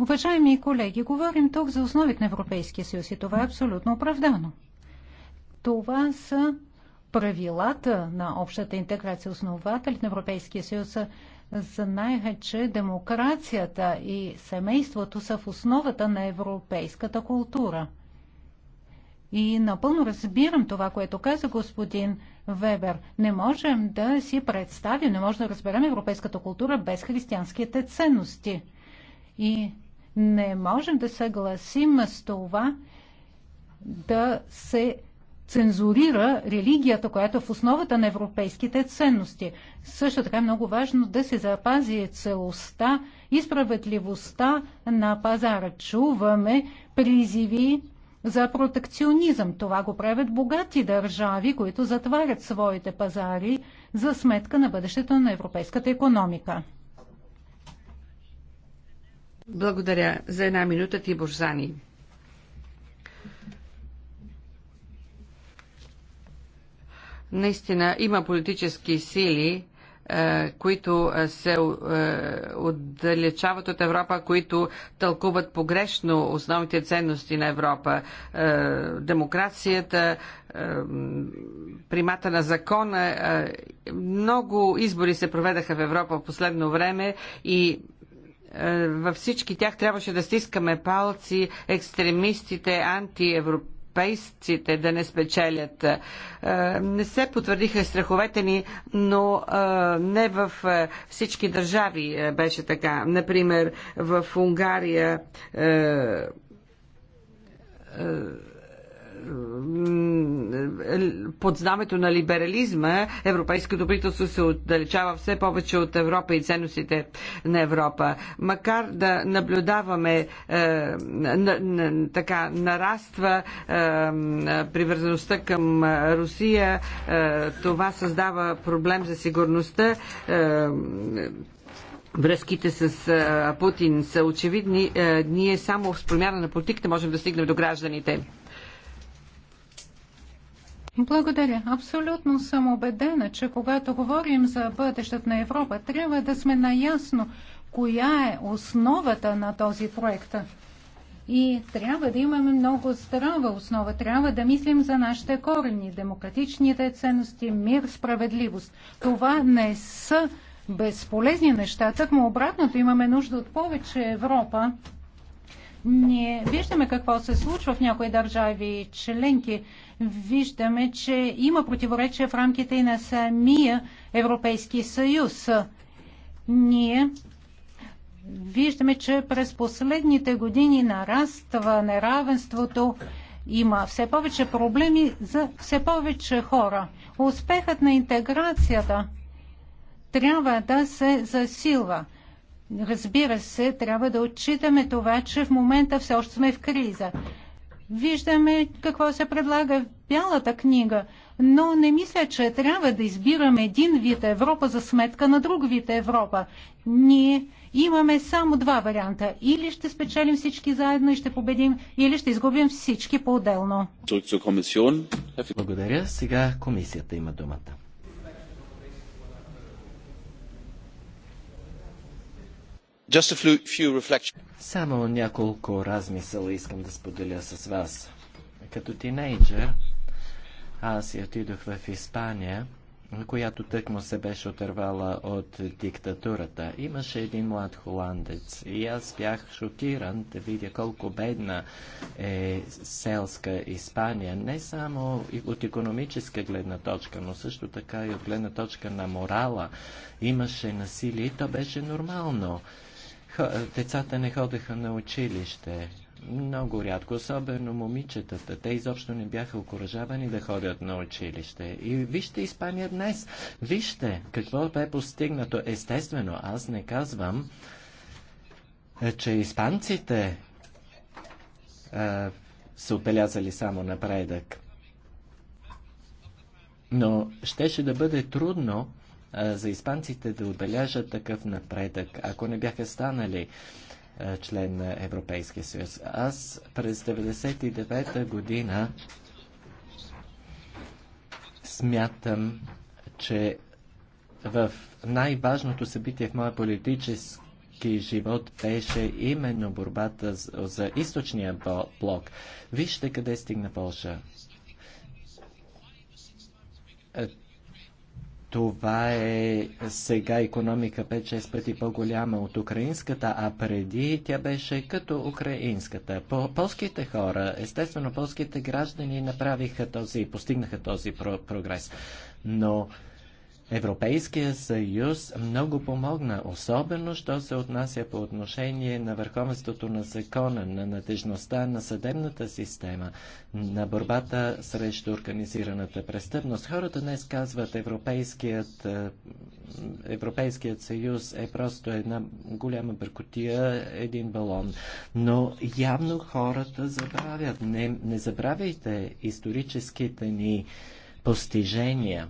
Уважаеми колеги, говорим тук за основите на Европейския съюз и това е абсолютно оправдано. Това са правилата на общата интеграция. Основателите на Европейския съюз знаеха, че демокрацията и семейството са в основата на европейската култура. И напълно разбирам това, което каза господин Вебер. Не можем да си представим, не можем да разберем европейската култура без християнските ценности – и не можем да съгласим с това да се цензурира религията, която е в основата на европейските ценности. Също така е много важно да се запази целостта и справедливостта на пазара. Чуваме призиви за протекционизъм. Това го правят богати държави, които затварят своите пазари за сметка на бъдещето на европейската економика. Благодаря. За една минута Тибор Зани. Наистина има политически сили, е, които е, се е, отдалечават от Европа, които тълкуват погрешно основните ценности на Европа. Демокрацията, примата на закона. Много избори се проведаха в Европа в последно време и е, във всички тях трябваше да стискаме палци екстремистите, антиевропейски да не спечелят. Е, не се потвърдиха страховете ни, но е, не в всички държави беше така. Например, в Унгария под знамето на либерализма европейското правителство се отдалечава все повече от Европа и ценностите на Европа. Макар да наблюдаваме е, на, на, така нараства е, привързаността към Русия, е, това създава проблем за сигурността. Е, връзките с а, е, Путин са очевидни, а, е, ние само с промяна на политиката можем да стигнем до гражданите. Благодаря. Абсолютно съм убедена, че когато говорим за бъдещето на Европа, трябва да сме наясно коя е основата на този проект. И трябва да имаме много здрава основа. Трябва да мислим за нашите корени, демократичните ценности, мир, справедливост. Това не са безполезни неща. Тъкмо обратното имаме нужда от повече Европа ние виждаме какво се случва в някои държави членки. Виждаме, че има противоречия в рамките и на самия Европейски съюз. Ние виждаме, че през последните години нараства неравенството, има все повече проблеми за все повече хора. Успехът на интеграцията трябва да се засилва. Разбира се, трябва да отчитаме това, че в момента все още сме в криза. Виждаме какво се предлага в Бялата книга, но не мисля, че трябва да избираме един вид Европа за сметка на друг вид Европа. Ние имаме само два варианта. Или ще спечелим всички заедно и ще победим, или ще изгубим всички по-отделно. Благодаря. Сега комисията има думата. Само няколко размисъла искам да споделя с вас. Като тинейджер, аз и отидох в Испания, която тъкмо се беше отървала от диктатурата. Имаше един млад холандец и аз бях шокиран да видя колко бедна е селска Испания, не само от економическа гледна точка, но също така и от гледна точка на морала. Имаше насилие и то беше нормално. Децата не ходеха на училище. Много рядко, особено момичетата. Те изобщо не бяха окоръжавани да ходят на училище. И вижте Испания днес. Вижте какво бе постигнато. Естествено, аз не казвам, е, че испанците а, е, са отбелязали само напредък. Но щеше да бъде трудно за испанците да отбележат такъв напредък, ако не бяха станали член на Европейския съюз. Аз през 99-та година смятам, че в най-важното събитие в моя политически живот беше именно борбата за, за източния блок. Вижте къде стигна Польша. Това е сега економика 5-6 пъти по-голяма от украинската, а преди тя беше като украинската. По полските хора, естествено, полските граждани направиха този, постигнаха този про прогрес. Но Европейския съюз много помогна, особено, що се отнася по отношение на върховенството на закона, на надежността на съдебната система, на борбата срещу организираната престъпност. Хората днес казват, Европейският, е, Европейският съюз е просто една голяма бъркотия, един балон. Но явно хората забравят. Не, не забравяйте историческите ни постижения.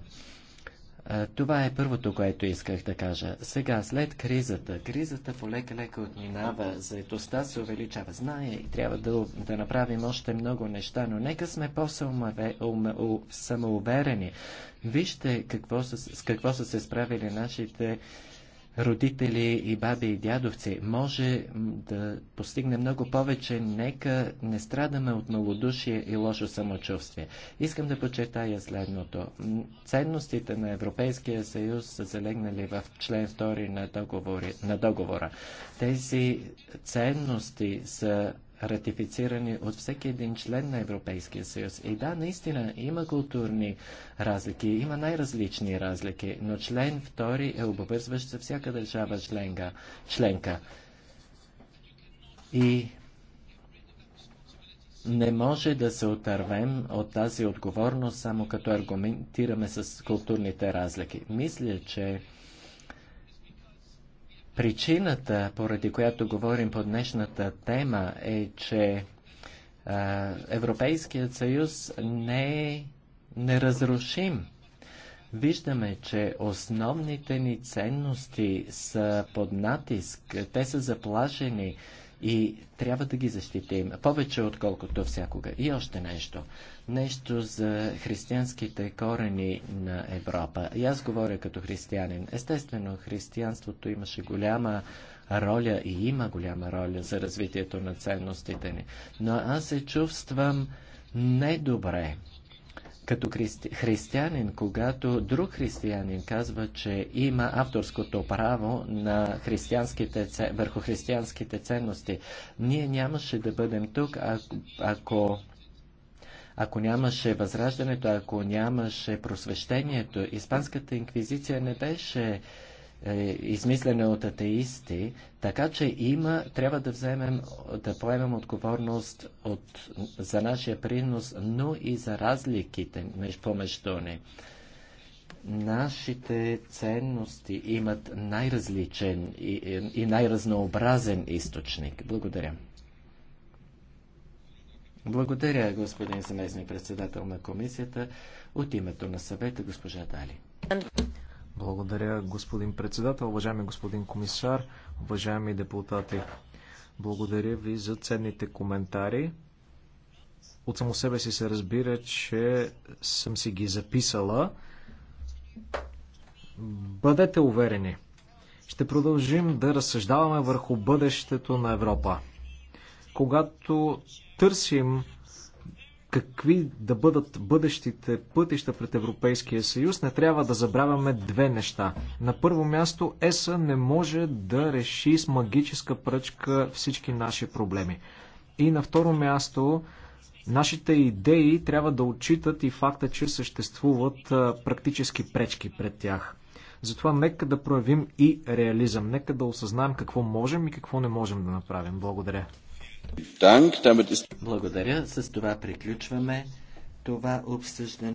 Това е първото, което исках да кажа. Сега, след кризата, кризата полека-лека отминава, заетостта се увеличава. Знае и трябва да, да направим още много неща, но нека сме по-самоуверени. Вижте какво са, с какво са се справили нашите родители и баби и дядовци. Може да постигне много повече, нека не страдаме от малодушие и лошо самочувствие. Искам да подчертая следното. Ценностите на Европейския съюз са залегнали в член 2 на, договори, на договора. Тези ценности са ратифицирани от всеки един член на Европейския съюз. И да, наистина има културни разлики, има най-различни разлики, но член втори е обвързващ за всяка държава членка. членка. И не може да се отървем от тази отговорност само като аргументираме с културните разлики. Мисля, че Причината, поради която говорим по днешната тема, е, че а, Европейският съюз не е неразрушим. Виждаме, че основните ни ценности са под натиск, те са заплашени и трябва да ги защитим повече отколкото всякога. И още нещо. Нещо за християнските корени на Европа. И аз говоря като християнин. Естествено, християнството имаше голяма роля и има голяма роля за развитието на ценностите ни. Но аз се чувствам недобре като христи, християнин, когато друг християнин казва, че има авторското право на християнските, върху християнските ценности, ние нямаше да бъдем тук, ако, ако, ако нямаше възраждането, ако нямаше просвещението. Испанската инквизиция не беше е, измислена от атеисти, така че има, трябва да вземем, да поемем отговорност от, за нашия принос, но и за разликите между, помежду ни. Нашите ценности имат най-различен и, и най-разнообразен източник. Благодаря. Благодаря, господин заместник председател на комисията. От името на съвета, госпожа Дали. Благодаря, господин председател, уважаеми господин комисар, уважаеми депутати. Благодаря ви за ценните коментари. От само себе си се разбира, че съм си ги записала. Бъдете уверени. Ще продължим да разсъждаваме върху бъдещето на Европа. Когато търсим какви да бъдат бъдещите пътища пред Европейския съюз, не трябва да забравяме две неща. На първо място, ЕСА не може да реши с магическа пръчка всички наши проблеми. И на второ място, нашите идеи трябва да отчитат и факта, че съществуват практически пречки пред тях. Затова нека да проявим и реализъм, нека да осъзнаем какво можем и какво не можем да направим. Благодаря. Благодаря. С това приключваме това обсъждане.